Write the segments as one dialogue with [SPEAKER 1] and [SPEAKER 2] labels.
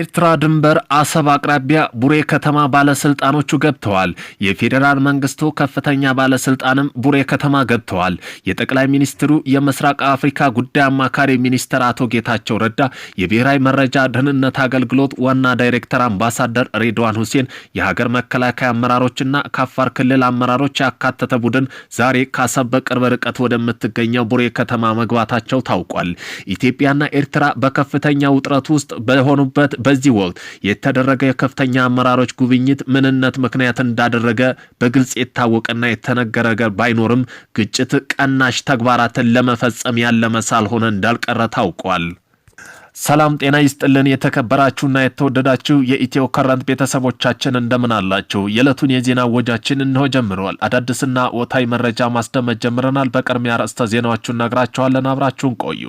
[SPEAKER 1] ኤርትራ ድንበር አሰብ አቅራቢያ ቡሬ ከተማ ባለስልጣኖቹ ገብተዋል። የፌዴራል መንግስቱ ከፍተኛ ባለስልጣንም ቡሬ ከተማ ገብተዋል። የጠቅላይ ሚኒስትሩ የምስራቅ አፍሪካ ጉዳይ አማካሪ ሚኒስትር አቶ ጌታቸው ረዳ፣ የብሔራዊ መረጃ ደህንነት አገልግሎት ዋና ዳይሬክተር አምባሳደር ሬድዋን ሁሴን፣ የሀገር መከላከያ አመራሮችና ከአፋር ክልል አመራሮች ያካተተ ቡድን ዛሬ ከአሰብ በቅርብ ርቀት ወደምትገኘው ቡሬ ከተማ መግባታቸው ታውቋል። ኢትዮጵያና ኤርትራ በከፍተኛ ውጥረት ውስጥ በሆኑበት በዚህ ወቅት የተደረገ የከፍተኛ አመራሮች ጉብኝት ምንነት ምክንያት እንዳደረገ በግልጽ የታወቀና የተነገረ ባይኖርም ግጭት ቀናሽ ተግባራትን ለመፈጸም ያለመ ሳልሆነ እንዳልቀረ ታውቋል። ሰላም ጤና ይስጥልን። የተከበራችሁና የተወደዳችሁ የኢትዮ ከረንት ቤተሰቦቻችን እንደምን አላችሁ? የዕለቱን የዜና ወጃችን እንሆ ጀምረዋል። አዳዲስና ወቅታዊ መረጃ ማስደመጥ ጀምረናል። በቅድሚያ ርዕሰ ዜናዎቹን ነግራችኋለን። አብራችሁን ቆዩ።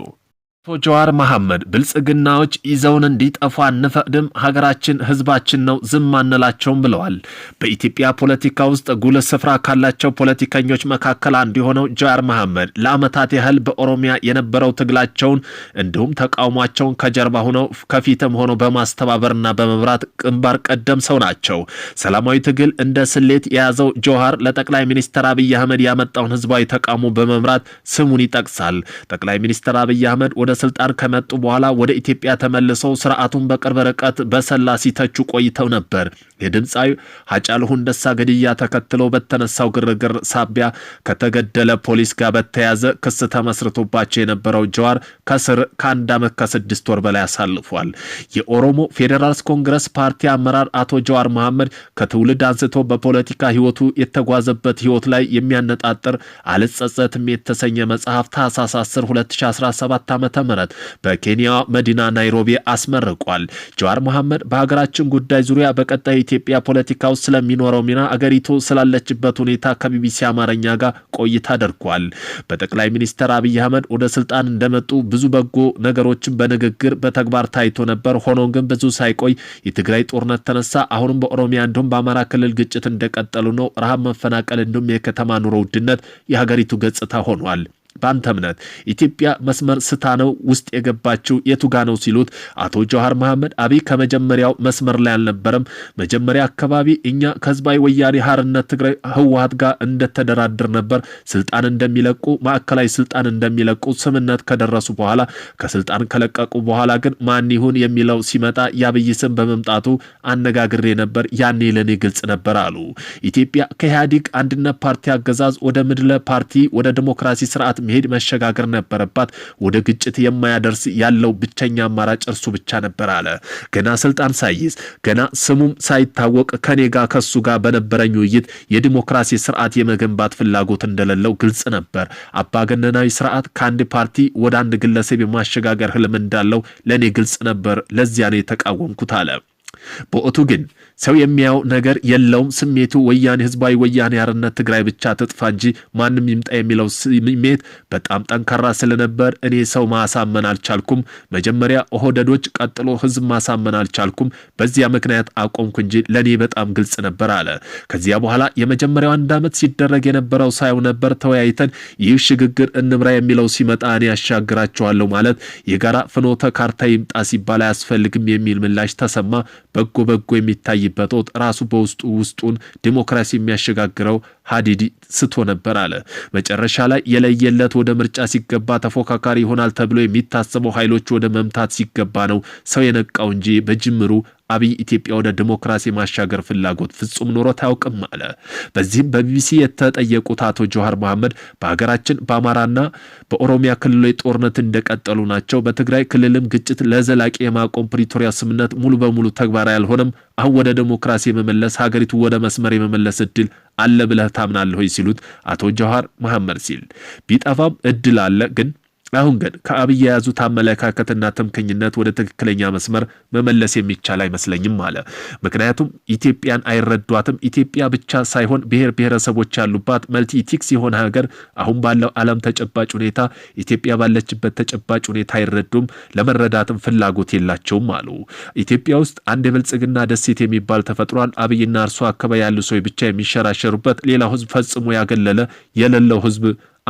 [SPEAKER 1] አቶ ጀዋር መሐመድ ብልጽግናዎች ይዘውን እንዲጠፉ አንፈቅድም፣ ሀገራችን ህዝባችን ነው ዝም አንላቸውም ብለዋል። በኢትዮጵያ ፖለቲካ ውስጥ ጉልህ ስፍራ ካላቸው ፖለቲከኞች መካከል አንዱ የሆነው ጀዋር መሐመድ ለአመታት ያህል በኦሮሚያ የነበረው ትግላቸውን እንዲሁም ተቃውሟቸውን ከጀርባ ሆነው ከፊትም ሆነው በማስተባበርና በመብራት ግንባር ቀደም ሰው ናቸው። ሰላማዊ ትግል እንደ ስሌት የያዘው ጀዋር ለጠቅላይ ሚኒስትር አብይ አህመድ ያመጣውን ህዝባዊ ተቃውሞ በመምራት ስሙን ይጠቅሳል። ጠቅላይ ሚኒስትር አብይ አህመድ ወደ ወደ ስልጣን ከመጡ በኋላ ወደ ኢትዮጵያ ተመልሰው ስርዓቱን በቅርብ ርቀት በሰላ ሲተቹ ቆይተው ነበር። የድምፃዊ ሀጫሉ ደሳ ግድያ ተከትሎ በተነሳው ግርግር ሳቢያ ከተገደለ ፖሊስ ጋር በተያዘ ክስ ተመስርቶባቸው የነበረው ጀዋር ከስር ከአንድ ዓመት ከስድስት ወር በላይ አሳልፏል። የኦሮሞ ፌዴራልስ ኮንግረስ ፓርቲ አመራር አቶ ጀዋር መሐመድ ከትውልድ አንስቶ በፖለቲካ ህይወቱ የተጓዘበት ህይወት ላይ የሚያነጣጥር አልጸጸትም የተሰኘ መጽሐፍ ታህሳስ 10 2017 ዓ በኬንያ መዲና ናይሮቢ አስመርቋል። ጀዋር መሐመድ በሀገራችን ጉዳይ ዙሪያ በቀጣይ ኢትዮጵያ ፖለቲካ ውስጥ ስለሚኖረው ሚና አገሪቱ ስላለችበት ሁኔታ ከቢቢሲ አማርኛ ጋር ቆይታ አድርጓል። በጠቅላይ ሚኒስትር አብይ አህመድ ወደ ስልጣን እንደመጡ ብዙ በጎ ነገሮችን በንግግር በተግባር ታይቶ ነበር። ሆኖም ግን ብዙ ሳይቆይ የትግራይ ጦርነት ተነሳ። አሁንም በኦሮሚያ እንዲሁም በአማራ ክልል ግጭት እንደቀጠሉ ነው። ረሃብ፣ መፈናቀል እንዲሁም የከተማ ኑሮ ውድነት የሀገሪቱ ገጽታ ሆኗል። በአንተ እምነት ኢትዮጵያ መስመር ስታ ነው ውስጥ የገባችው የቱጋ ነው ሲሉት አቶ ጀዋር መሐመድ አብይ ከመጀመሪያው መስመር ላይ አልነበረም። መጀመሪያ አካባቢ እኛ ከህዝባዊ ወያኔ ሀርነት ትግራይ ህወሀት ጋር እንደተደራድር ነበር። ስልጣን እንደሚለቁ ማዕከላዊ ስልጣን እንደሚለቁ ስምነት ከደረሱ በኋላ ከስልጣን ከለቀቁ በኋላ ግን ማን ይሁን የሚለው ሲመጣ የአብይ ስም በመምጣቱ አነጋግሬ ነበር። ያኔ ለእኔ ግልጽ ነበር አሉ። ኢትዮጵያ ከኢህአዲግ አንድነት ፓርቲ አገዛዝ ወደ ምድለ ፓርቲ ወደ ዲሞክራሲ ስርዓት መሄድ መሸጋገር ነበረባት። ወደ ግጭት የማያደርስ ያለው ብቸኛ አማራጭ እርሱ ብቻ ነበር አለ። ገና ስልጣን ሳይይዝ ገና ስሙም ሳይታወቅ ከኔ ጋር ከሱ ጋር በነበረኝ ውይይት የዲሞክራሲ ስርዓት የመገንባት ፍላጎት እንደሌለው ግልጽ ነበር። አባገነናዊ ስርዓት ከአንድ ፓርቲ ወደ አንድ ግለሰብ የማሸጋገር ህልም እንዳለው ለእኔ ግልጽ ነበር። ለዚያ ነው የተቃወምኩት አለ። በወቅቱ ግን ሰው የሚያው ነገር የለውም። ስሜቱ ወያኔ ህዝባዊ ወያኔ ሓርነት ትግራይ ብቻ ትጥፋ እንጂ ማንም ይምጣ የሚለው ስሜት በጣም ጠንካራ ስለነበር እኔ ሰው ማሳመን አልቻልኩም። መጀመሪያ ኦህደዶች፣ ቀጥሎ ህዝብ ማሳመን አልቻልኩም። በዚያ ምክንያት አቆምኩ እንጂ ለእኔ በጣም ግልጽ ነበር አለ። ከዚያ በኋላ የመጀመሪያው አንድ ዓመት ሲደረግ የነበረው ሳየው ነበር። ተወያይተን ይህ ሽግግር እንምራ የሚለው ሲመጣ እኔ ያሻግራቸዋለሁ ማለት የጋራ ፍኖተ ካርታ ይምጣ ሲባል አያስፈልግም የሚል ምላሽ ተሰማ። በጎ በጎ የሚታይበት ወጥ ራሱ በውስጡ ውስጡን ዲሞክራሲ የሚያሸጋግረው ሀዲድ ስቶ ነበር አለ። መጨረሻ ላይ የለየለት ወደ ምርጫ ሲገባ ተፎካካሪ ይሆናል ተብሎ የሚታሰበው ኃይሎች ወደ መምታት ሲገባ ነው ሰው የነቃው እንጂ በጅምሩ አብይ ኢትዮጵያ ወደ ዲሞክራሲ ማሻገር ፍላጎት ፍጹም ኖሮት አያውቅም አለ። በዚህም በቢቢሲ የተጠየቁት አቶ ጀዋር መሐመድ በሀገራችን በአማራና በኦሮሚያ ክልሎች ጦርነት እንደቀጠሉ ናቸው። በትግራይ ክልልም ግጭት ለዘላቂ የማቆም ፕሪቶሪያ ስምምነት ሙሉ በሙሉ ተግባራዊ አልሆነም። አሁን ወደ ዲሞክራሲ የመመለስ ሀገሪቱ ወደ መስመር የመመለስ እድል አለ ብለህ ታምናለህ ሆይ ሲሉት አቶ ጀዋር መሐመድ ሲል ቢጠፋም እድል አለ ግን አሁን ግን ከአብይ የያዙት አመለካከትና ትምክኝነት ወደ ትክክለኛ መስመር መመለስ የሚቻል አይመስለኝም አለ። ምክንያቱም ኢትዮጵያን አይረዷትም። ኢትዮጵያ ብቻ ሳይሆን ብሔር ብሔረሰቦች ያሉባት መልቲኢቲክስ የሆነ ሀገር አሁን ባለው ዓለም ተጨባጭ ሁኔታ ኢትዮጵያ ባለችበት ተጨባጭ ሁኔታ አይረዱም፣ ለመረዳትም ፍላጎት የላቸውም አሉ። ኢትዮጵያ ውስጥ አንድ የብልጽግና ደሴት የሚባል ተፈጥሯል። አብይና እርሱ አካባቢ ያሉ ሰዎች ብቻ የሚሸራሸሩበት ሌላው ህዝብ ፈጽሞ ያገለለ የሌለው ህዝብ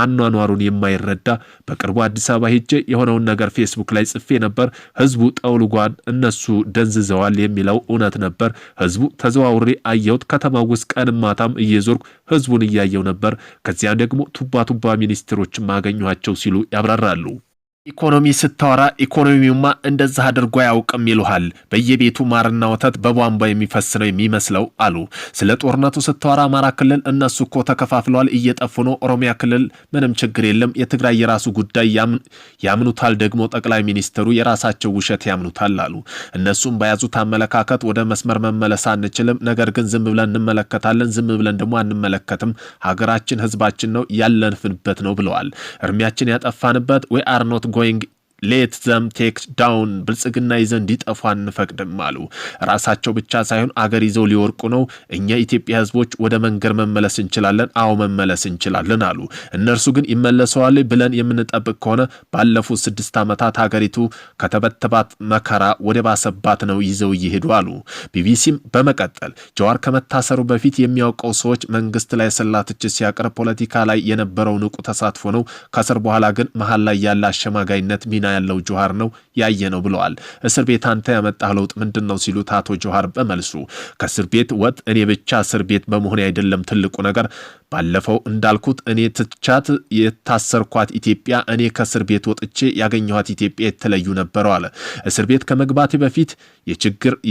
[SPEAKER 1] አኗኗሩን የማይረዳ በቅርቡ አዲስ አበባ ሄጄ የሆነውን ነገር ፌስቡክ ላይ ጽፌ ነበር። ህዝቡ ጠውልጓን፣ እነሱ ደንዝዘዋል የሚለው እውነት ነበር። ህዝቡ ተዘዋውሬ አየሁት። ከተማ ውስጥ ቀንማታም ማታም እየዞርኩ ህዝቡን እያየው ነበር። ከዚያም ደግሞ ቱባ ቱባ ሚኒስትሮች አገኘኋቸው ሲሉ ያብራራሉ። ኢኮኖሚ ስታወራ ኢኮኖሚውማ እንደዛ አድርጎ አያውቅም ይሉሃል። በየቤቱ ማርና ወተት በቧንቧ የሚፈስ ነው የሚመስለው አሉ። ስለ ጦርነቱ ስታወራ አማራ ክልል እነሱ እኮ ተከፋፍለዋል፣ እየጠፉ ነው። ኦሮሚያ ክልል ምንም ችግር የለም፣ የትግራይ የራሱ ጉዳይ ያምኑታል። ደግሞ ጠቅላይ ሚኒስትሩ የራሳቸው ውሸት ያምኑታል አሉ። እነሱም በያዙት አመለካከት ወደ መስመር መመለስ አንችልም። ነገር ግን ዝም ብለን እንመለከታለን፣ ዝም ብለን ደግሞ አንመለከትም። ሀገራችን ህዝባችን ነው ያለንፍንበት ነው ብለዋል። እድሜያችን ያጠፋንበት ወይ አርኖት going ሌት ዘም ቴክ ዳውን ብልጽግና ይዘን እንዲጠፉ አንፈቅድም አሉ። ራሳቸው ብቻ ሳይሆን አገር ይዘው ሊወርቁ ነው። እኛ ኢትዮጵያ ህዝቦች ወደ መንገድ መመለስ እንችላለን። አዎ መመለስ እንችላለን አሉ። እነርሱ ግን ይመለሰዋል ብለን የምንጠብቅ ከሆነ ባለፉት ስድስት ዓመታት ሀገሪቱ ከተበተባት መከራ ወደ ባሰባት ነው ይዘው እየሄዱ አሉ። ቢቢሲም በመቀጠል ጀዋር ከመታሰሩ በፊት የሚያውቀው ሰዎች መንግስት ላይ ሰላ ትችት ሲያቀርብ ፖለቲካ ላይ የነበረው ንቁ ተሳትፎ ነው። ከእስር በኋላ ግን መሀል ላይ ያለ አሸማጋይነት ሚና ያለው ጁሃር ነው። ያየ ነው ብለዋል። እስር ቤት አንተ ያመጣህ ለውጥ ምንድን ነው ሲሉት አቶ ጆሃር በመልሱ ከእስር ቤት ወጥ እኔ ብቻ እስር ቤት በመሆን አይደለም ትልቁ ነገር ባለፈው እንዳልኩት እኔ ትቻት የታሰርኳት ኢትዮጵያ እኔ ከእስር ቤት ወጥቼ ያገኘኋት ኢትዮጵያ የተለዩ ነበረው አለ። እስር ቤት ከመግባቴ በፊት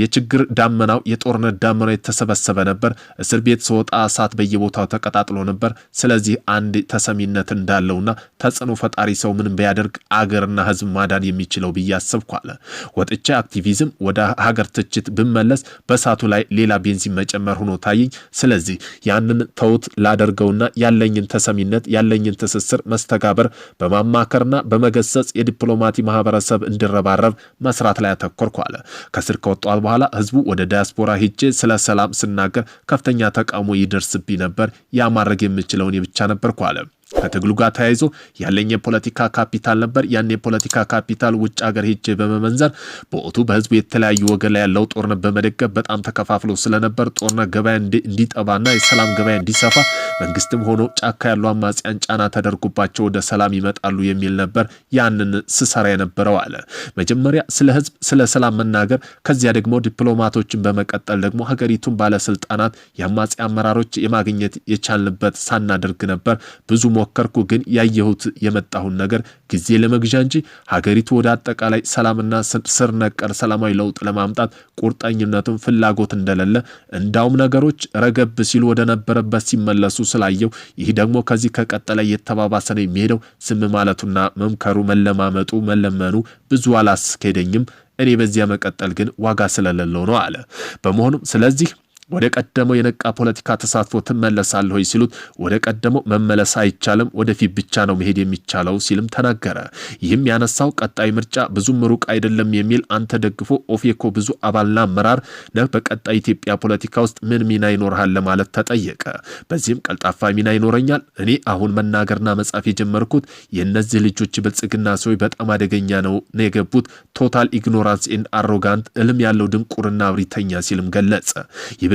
[SPEAKER 1] የችግር ዳመናው የጦርነት ዳመናው የተሰበሰበ ነበር። እስር ቤት ስወጣ እሳት በየቦታው ተቀጣጥሎ ነበር። ስለዚህ አንድ ተሰሚነት እንዳለውና ተጽዕኖ ፈጣሪ ሰው ምንም ቢያደርግ አገርና ሕዝብ ማዳን የሚችለው ብዬ እያሰብኩ አለ። ወጥቼ አክቲቪዝም ወደ ሀገር ትችት ብመለስ በሳቱ ላይ ሌላ ቤንዚን መጨመር ሆኖ ታየኝ። ስለዚህ ያንን ተውት ላደርገውና ያለኝን ተሰሚነት ያለኝን ትስስር መስተጋበር በማማከርና በመገሰጽ የዲፕሎማቲ ማህበረሰብ እንዲረባረብ መስራት ላይ አተኮርኩ አለ። ከስር ከወጣሁ በኋላ ህዝቡ ወደ ዲያስፖራ ሂጄ ስለ ሰላም ስናገር ከፍተኛ ተቃውሞ ይደርስብኝ ነበር። ያ ማድረግ የምችለውን የብቻ ነበርኩ አለ። ከትግሉ ጋር ተያይዞ ያለኝ የፖለቲካ ካፒታል ነበር። ያን የፖለቲካ ካፒታል ውጭ ሀገር ሄጄ በመመንዘር በወቅቱ በህዝቡ የተለያዩ ወገን ላይ ያለው ጦርነት በመደገፍ በጣም ተከፋፍሎ ስለነበር ጦርነት ገበያ እንዲጠባና የሰላም ገበያ እንዲሰፋ መንግስትም ሆኖ ጫካ ያሉ አማጽያን ጫና ተደርጎባቸው ወደ ሰላም ይመጣሉ የሚል ነበር ያንን ስሰራ የነበረው አለ። መጀመሪያ ስለ ህዝብ፣ ስለ ሰላም መናገር፣ ከዚያ ደግሞ ዲፕሎማቶችን በመቀጠል ደግሞ ሀገሪቱን ባለስልጣናት፣ የአማጽያ አመራሮች የማግኘት የቻልንበት ሳናደርግ ነበር ብዙ ሞከርኩ፣ ግን ያየሁት የመጣሁን ነገር ጊዜ ለመግዣ እንጂ ሀገሪቱ ወደ አጠቃላይ ሰላምና ስር ነቀር ሰላማዊ ለውጥ ለማምጣት ቁርጠኝነቱን ፍላጎት እንደሌለ እንዳውም ነገሮች ረገብ ሲሉ ወደ ነበረበት ሲመለሱ ስላየው ይህ ደግሞ ከዚህ ከቀጠለ የተባባሰ ነው የሚሄደው። ስም ማለቱና መምከሩ መለማመጡ መለመኑ ብዙ አላስኬደኝም። እኔ በዚያ መቀጠል ግን ዋጋ ስለሌለው ነው አለ። በመሆኑም ስለዚህ ወደ ቀደመው የነቃ ፖለቲካ ተሳትፎ ትመለሳለሁ ሆይ ሲሉት ወደ ቀደመው መመለስ አይቻልም፣ ወደፊት ብቻ ነው መሄድ የሚቻለው ሲልም ተናገረ። ይህም ያነሳው ቀጣይ ምርጫ ብዙም ሩቅ አይደለም የሚል አንተ ደግፎ ኦፌኮ ብዙ አባልና አመራር ነህ፣ በቀጣይ ኢትዮጵያ ፖለቲካ ውስጥ ምን ሚና ይኖርሃል ለማለት ተጠየቀ። በዚህም ቀልጣፋ ሚና ይኖረኛል። እኔ አሁን መናገርና መጻፍ የጀመርኩት የእነዚህ ልጆች ብልጽግና ሰዎች በጣም አደገኛ ነው ነው የገቡት ቶታል ኢግኖራንስ ኤንድ አሮጋንት እልም ያለው ድንቁርና አብሪተኛ ሲልም ገለጸ።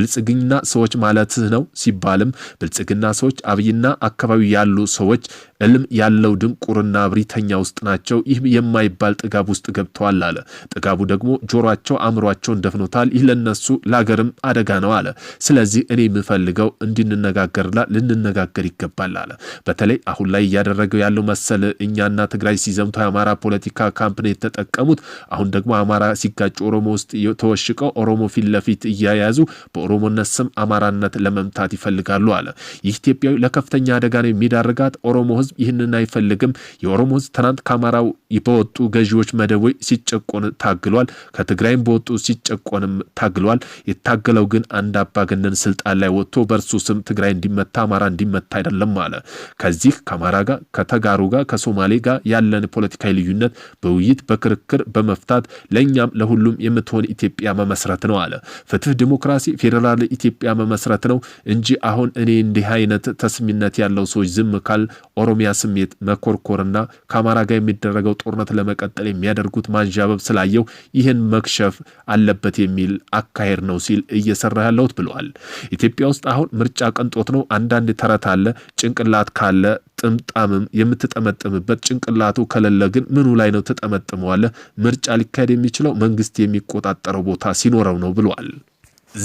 [SPEAKER 1] የብልጽግና ሰዎች ማለትህ ነው ሲባልም ብልጽግና ሰዎች አብይና አካባቢ ያሉ ሰዎች እልም ያለው ድንቁርና እብሪተኛ ውስጥ ናቸው። ይህ የማይባል ጥጋብ ውስጥ ገብተዋል አለ። ጥጋቡ ደግሞ ጆሯቸው አእምሯቸውን ደፍኖታል። ይህ ለነሱ ለአገርም አደጋ ነው አለ። ስለዚህ እኔ የምፈልገው እንድንነጋገርና ልንነጋገር ይገባል አለ። በተለይ አሁን ላይ እያደረገው ያለው መሰል እኛና ትግራይ ሲዘምቱ የአማራ ፖለቲካ ካምፕ ነው የተጠቀሙት። አሁን ደግሞ አማራ ሲጋጭ ኦሮሞ ውስጥ ተወሽቀው ኦሮሞ ፊት ለፊት እያያዙ በኦሮ የኦሮሞነት ስም አማራነት ለመምታት ይፈልጋሉ አለ። ይህ ኢትዮጵያዊ ለከፍተኛ አደጋ ነው የሚዳርጋት። ኦሮሞ ህዝብ ይህንን አይፈልግም። የኦሮሞ ህዝብ ትናንት ከአማራው በወጡ ገዢዎች መደቦች ሲጨቆን ታግሏል። ከትግራይም በወጡ ሲጨቆንም ታግሏል። የታገለው ግን አንድ አምባገነን ስልጣን ላይ ወጥቶ በእርሱ ስም ትግራይ እንዲመታ አማራ እንዲመታ አይደለም አለ። ከዚህ ከአማራ ጋር ከተጋሩ ጋር ከሶማሌ ጋር ያለን ፖለቲካዊ ልዩነት በውይይት በክርክር በመፍታት ለእኛም ለሁሉም የምትሆን ኢትዮጵያ መመስረት ነው አለ። ፍትህ፣ ዲሞክራሲ፣ ፌዴራል ፌዴራል ኢትዮጵያ መመስረት ነው እንጂ አሁን እኔ እንዲህ አይነት ተስሚነት ያለው ሰዎች ዝም ካል ኦሮሚያ ስሜት መኮርኮርና ከአማራ ጋር የሚደረገው ጦርነት ለመቀጠል የሚያደርጉት ማንዣበብ ስላየው ይህን መክሸፍ አለበት የሚል አካሄድ ነው ሲል እየሰራ ያለሁት ብለዋል። ኢትዮጵያ ውስጥ አሁን ምርጫ ቅንጦት ነው። አንዳንድ ተረት አለ ጭንቅላት ካለ ጥምጣምም የምትጠመጥምበት ጭንቅላቱ ከሌለ ግን ምኑ ላይ ነው ትጠመጥመዋለህ? ምርጫ ሊካሄድ የሚችለው መንግስት የሚቆጣጠረው ቦታ ሲኖረው ነው ብለዋል።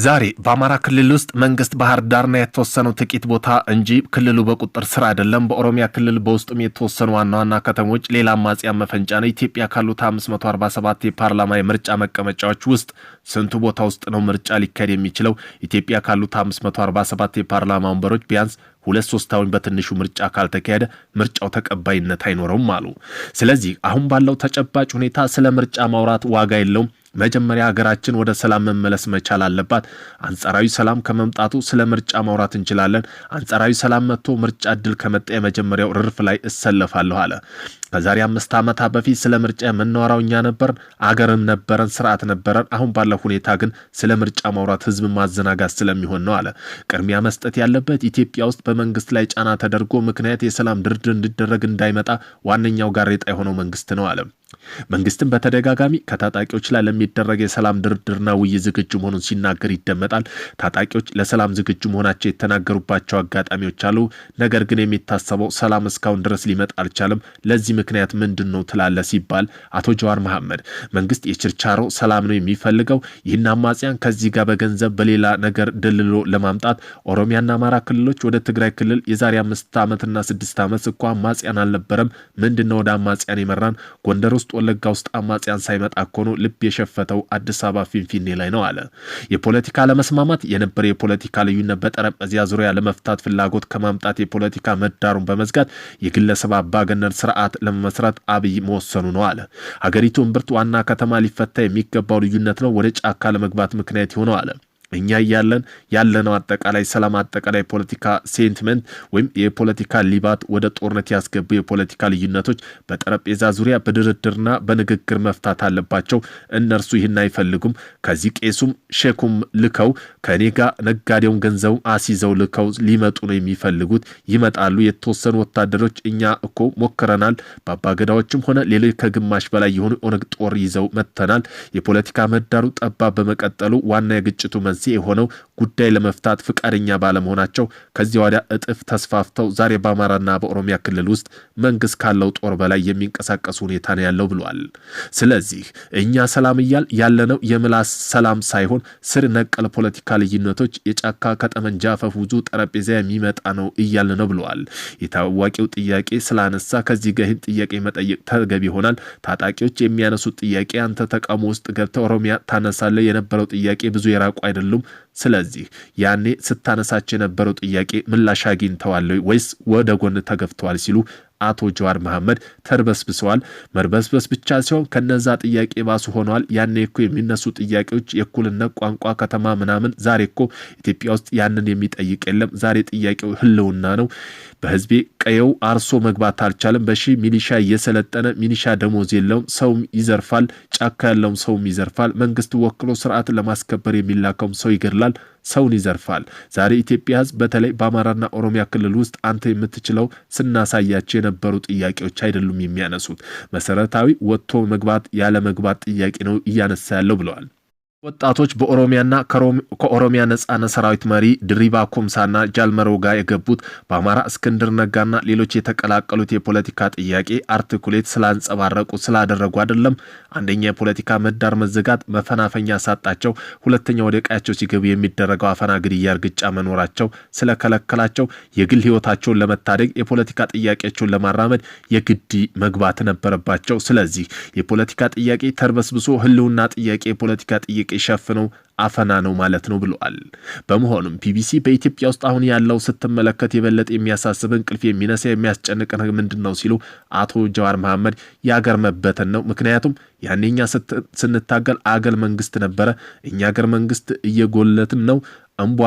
[SPEAKER 1] ዛሬ በአማራ ክልል ውስጥ መንግስት ባህር ዳርና የተወሰነው ጥቂት ቦታ እንጂ ክልሉ በቁጥር ስር አይደለም። በኦሮሚያ ክልል በውስጡም የተወሰኑ ዋና ዋና ከተሞች ሌላ አማጽያን መፈንጫ ነው። ኢትዮጵያ ካሉት 547 የፓርላማ የምርጫ መቀመጫዎች ውስጥ ስንቱ ቦታ ውስጥ ነው ምርጫ ሊካሄድ የሚችለው? ኢትዮጵያ ካሉት 547 የፓርላማ ወንበሮች ቢያንስ ሁለት ሶስታውን በትንሹ ምርጫ ካልተካሄደ ምርጫው ተቀባይነት አይኖረውም አሉ። ስለዚህ አሁን ባለው ተጨባጭ ሁኔታ ስለ ምርጫ ማውራት ዋጋ የለውም። መጀመሪያ ሀገራችን ወደ ሰላም መመለስ መቻል አለባት። አንጻራዊ ሰላም ከመምጣቱ ስለ ምርጫ ማውራት እንችላለን። አንጻራዊ ሰላም መጥቶ ምርጫ እድል ከመጣ የመጀመሪያው ርርፍ ላይ እሰለፋለሁ አለ። ከዛሬ አምስት ዓመታት በፊት ስለ ምርጫ የምናወራው እኛ ነበርን፣ አገርም ነበረን፣ ስርዓት ነበረን። አሁን ባለው ሁኔታ ግን ስለ ምርጫ ማውራት ህዝብ ማዘናጋት ስለሚሆን ነው አለ። ቅድሚያ መስጠት ያለበት ኢትዮጵያ ውስጥ በመንግስት ላይ ጫና ተደርጎ ምክንያት የሰላም ድርድር እንዲደረግ እንዳይመጣ ዋነኛው ጋሬጣ የሆነው መንግስት ነው አለም። መንግስትም በተደጋጋሚ ከታጣቂዎች ላይ ለሚደረግ የሰላም ድርድርና ውይይት ዝግጁ መሆኑን ሲናገር ይደመጣል። ታጣቂዎች ለሰላም ዝግጁ መሆናቸው የተናገሩባቸው አጋጣሚዎች አሉ። ነገር ግን የሚታሰበው ሰላም እስካሁን ድረስ ሊመጣ አልቻለም። ለዚህ ምክንያት ምንድን ነው ትላለ ሲባል አቶ ጀዋር መሐመድ መንግስት የችርቻሮ ሰላም ነው የሚፈልገው። ይህን አማጽያን ከዚህ ጋር በገንዘብ በሌላ ነገር ድልሎ ለማምጣት ኦሮሚያና አማራ ክልሎች ወደ ትግራይ ክልል የዛሬ አምስት ዓመትና ስድስት ዓመት እኮ አማጽያን አልነበረም። ምንድን ነው ወደ አማጽያን የመራን ጎንደሮ ውስጥ ወለጋ ውስጥ አማጽያን ሳይመጣ እኮ ነው ልብ የሸፈተው አዲስ አበባ ፊንፊኔ ላይ ነው አለ። የፖለቲካ ለመስማማት የነበረ የፖለቲካ ልዩነት በጠረጴዛ ዙሪያ ለመፍታት ፍላጎት ከማምጣት የፖለቲካ ምህዳሩን በመዝጋት የግለሰብ አምባገነን ስርዓት ለመመስረት አብይ መወሰኑ ነው አለ። ሀገሪቱ እምብርት ዋና ከተማ ሊፈታ የሚገባው ልዩነት ነው ወደ ጫካ ለመግባት ምክንያት ይሆነው አለ። እኛ እያለን ያለነው አጠቃላይ ሰላም፣ አጠቃላይ ፖለቲካ ሴንቲመንት ወይም የፖለቲካ ሊባት ወደ ጦርነት ያስገቡ የፖለቲካ ልዩነቶች በጠረጴዛ ዙሪያ በድርድርና በንግግር መፍታት አለባቸው። እነርሱ ይህን አይፈልጉም። ከዚህ ቄሱም ሼኩም ልከው ከእኔ ጋር ነጋዴውን ገንዘቡ አስይዘው ልከው ሊመጡ ነው የሚፈልጉት። ይመጣሉ። የተወሰኑ ወታደሮች እኛ እኮ ሞክረናል። በአባገዳዎችም ሆነ ሌሎች ከግማሽ በላይ የሆኑ ኦነግ ጦር ይዘው መጥተናል። የፖለቲካ ምህዳሩ ጠባብ በመቀጠሉ ዋና የግጭቱ መ መንስኤ የሆነው ጉዳይ ለመፍታት ፍቃደኛ ባለመሆናቸው ከዚያ ወዲያ እጥፍ ተስፋፍተው ዛሬ በአማራና በኦሮሚያ ክልል ውስጥ መንግስት ካለው ጦር በላይ የሚንቀሳቀሱ ሁኔታ ነው ያለው ብሏል። ስለዚህ እኛ ሰላም እያል ያለነው የምላስ ሰላም ሳይሆን ስር ነቀል ፖለቲካ ልዩነቶች የጫካ ከጠመንጃ ፈፉዙ ጠረጴዛ የሚመጣ ነው እያልን ነው ብለዋል። የታዋቂው ጥያቄ ስላነሳ ከዚህ ገህን ጥያቄ መጠየቅ ተገቢ ይሆናል። ታጣቂዎች የሚያነሱት ጥያቄ አንተ ተቃውሞ ውስጥ ገብተ ኦሮሚያ ታነሳለ የነበረው ጥያቄ ብዙ የራቁ አይደለም አይደሉም። ስለዚህ ያኔ ስታነሳቸው የነበረው ጥያቄ ምላሽ አግኝተዋል ወይስ ወደ ጎን ተገፍተዋል ሲሉ አቶ ጀዋር መሐመድ ተርበስብሰዋል። መርበስበስ ብቻ ሲሆን ከነዛ ጥያቄ ባሱ ሆነዋል። ያኔ እኮ የሚነሱ ጥያቄዎች የእኩልነት ቋንቋ፣ ከተማ ምናምን፣ ዛሬ እኮ ኢትዮጵያ ውስጥ ያንን የሚጠይቅ የለም። ዛሬ ጥያቄው ህልውና ነው። በህዝቤ ቀየው አርሶ መግባት አልቻለም። በሺ ሚሊሻ እየሰለጠነ ሚሊሻ ደሞዝ የለውም። ሰውም ይዘርፋል፣ ጫካ ያለውም ሰውም ይዘርፋል። መንግስት ወክሎ ስርዓት ለማስከበር የሚላከውም ሰው ይገድላል። ሰውን ይዘርፋል። ዛሬ ኢትዮጵያ ህዝብ በተለይ በአማራና ኦሮሚያ ክልል ውስጥ አንተ የምትችለው ስናሳያቸው የነበሩ ጥያቄዎች አይደሉም የሚያነሱት መሰረታዊ ወጥቶ መግባት ያለ መግባት ጥያቄ ነው እያነሳ ያለው ብለዋል። ወጣቶች በኦሮሚያና ከኦሮሚያ ነጻነት ሰራዊት መሪ ድሪባ ኩምሳና ጃልመሮ ጋር የገቡት በአማራ እስክንድር ነጋና ሌሎች የተቀላቀሉት የፖለቲካ ጥያቄ አርቲኩሌት ስላንጸባረቁ ስላደረጉ አይደለም። አንደኛ የፖለቲካ ምህዳር መዘጋት መፈናፈኛ ሳጣቸው፣ ሁለተኛ ወደ ቀያቸው ሲገቡ የሚደረገው አፈና፣ ግድያ፣ እርግጫ መኖራቸው ስለከለከላቸው የግል ህይወታቸውን ለመታደግ የፖለቲካ ጥያቄያቸውን ለማራመድ የግድ መግባት ነበረባቸው። ስለዚህ የፖለቲካ ጥያቄ ተርበስብሶ ህልውና ጥያቄ የፖለቲካ ጥያቄ የሚሸፍነው አፈና ነው ማለት ነው ብለዋል። በመሆኑም ቢቢሲ በኢትዮጵያ ውስጥ አሁን ያለው ስትመለከት የበለጠ የሚያሳስብ እንቅልፍ የሚነሳ የሚያስጨንቅ ምንድን ነው ሲሉ አቶ ጀዋር መሐመድ የአገር መበተን ነው። ምክንያቱም ያኔኛ ስንታገል አገል መንግስት ነበረ። እኛ አገር መንግስት እየጎለትን ነው። እንቧ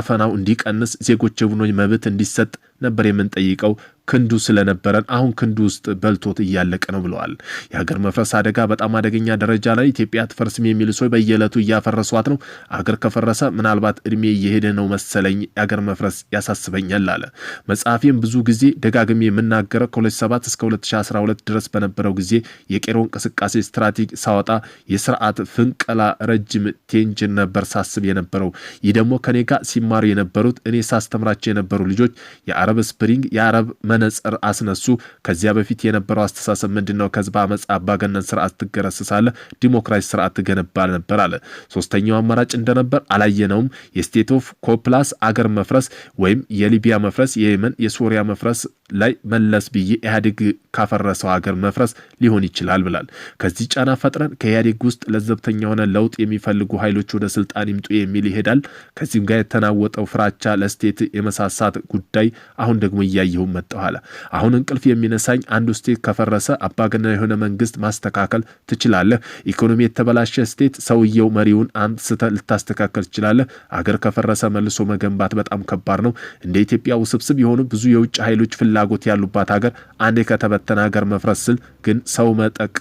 [SPEAKER 1] አፈናው እንዲቀንስ ዜጎች የቡድኖች መብት እንዲሰጥ ነበር የምንጠይቀው ክንዱ ስለነበረን አሁን ክንዱ ውስጥ በልቶት እያለቀ ነው ብለዋል። የሀገር መፍረስ አደጋ በጣም አደገኛ ደረጃ ላይ ኢትዮጵያ አትፈርስም የሚሉ ሰ በየዕለቱ እያፈረሷት ነው። አገር ከፈረሰ ምናልባት እድሜ እየሄደ ነው መሰለኝ የአገር መፍረስ ያሳስበኛል አለ። መጽሐፌም ብዙ ጊዜ ደጋግሜ የምናገረው ከ2007 እስከ 2012 ድረስ በነበረው ጊዜ የቄሮ እንቅስቃሴ ስትራቴጂ ሳወጣ የስርዓት ፍንቀላ ረጅም ቴንጅን ነበር ሳስብ የነበረው። ይህ ደግሞ ከኔ ጋር ሲማሩ የነበሩት እኔ ሳስተምራቸው የነበሩ ልጆች የአረብ ስፕሪንግ የአረብ መ መነጽር አስነሱ። ከዚያ በፊት የነበረው አስተሳሰብ ምንድን ነው? ከህዝብ አመፅ አባገነን ስርዓት ትገረስሳለ፣ ዲሞክራሲ ስርዓት ትገነባል ነበር አለ። ሶስተኛው አማራጭ እንደነበር አላየነውም። የስቴት ኦፍ ኮፕላስ አገር መፍረስ ወይም የሊቢያ መፍረስ፣ የየመን የሶሪያ መፍረስ ላይ መለስ ብዬ ኢህአዴግ ካፈረሰው ሀገር መፍረስ ሊሆን ይችላል ብላል። ከዚህ ጫና ፈጥረን ከኢህአዴግ ውስጥ ለዘብተኛ ሆነ ለውጥ የሚፈልጉ ኃይሎች ወደ ስልጣን ይምጡ የሚል ይሄዳል። ከዚህም ጋር የተናወጠው ፍራቻ ለስቴት የመሳሳት ጉዳይ አሁን ደግሞ እያየሁ መጠኋላ። አሁን እንቅልፍ የሚነሳኝ አንዱ ስቴት ከፈረሰ አባገና የሆነ መንግስት ማስተካከል ትችላለህ። ኢኮኖሚ የተበላሸ ስቴት ሰውየው መሪውን አንስተ ልታስተካከል ትችላለህ። አገር ከፈረሰ መልሶ መገንባት በጣም ከባድ ነው። እንደ ኢትዮጵያ ውስብስብ የሆኑ ብዙ የውጭ ኃይሎች ፍላ ፍላጎት ያሉባት ሀገር አንዴ ከተበተነ ሀገር መፍረስ ስል ግን ሰው መጠቅ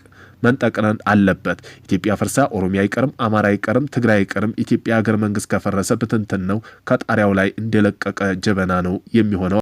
[SPEAKER 1] መንጠቅረን አለበት። ኢትዮጵያ ፍርሳ ኦሮሚያ አይቀርም፣ አማራ አይቀርም፣ ትግራይ አይቀርም። ኢትዮጵያ ሀገር መንግስት ከፈረሰ ብትንትን ነው። ከጣሪያው ላይ እንደለቀቀ ጀበና ነው የሚሆነው።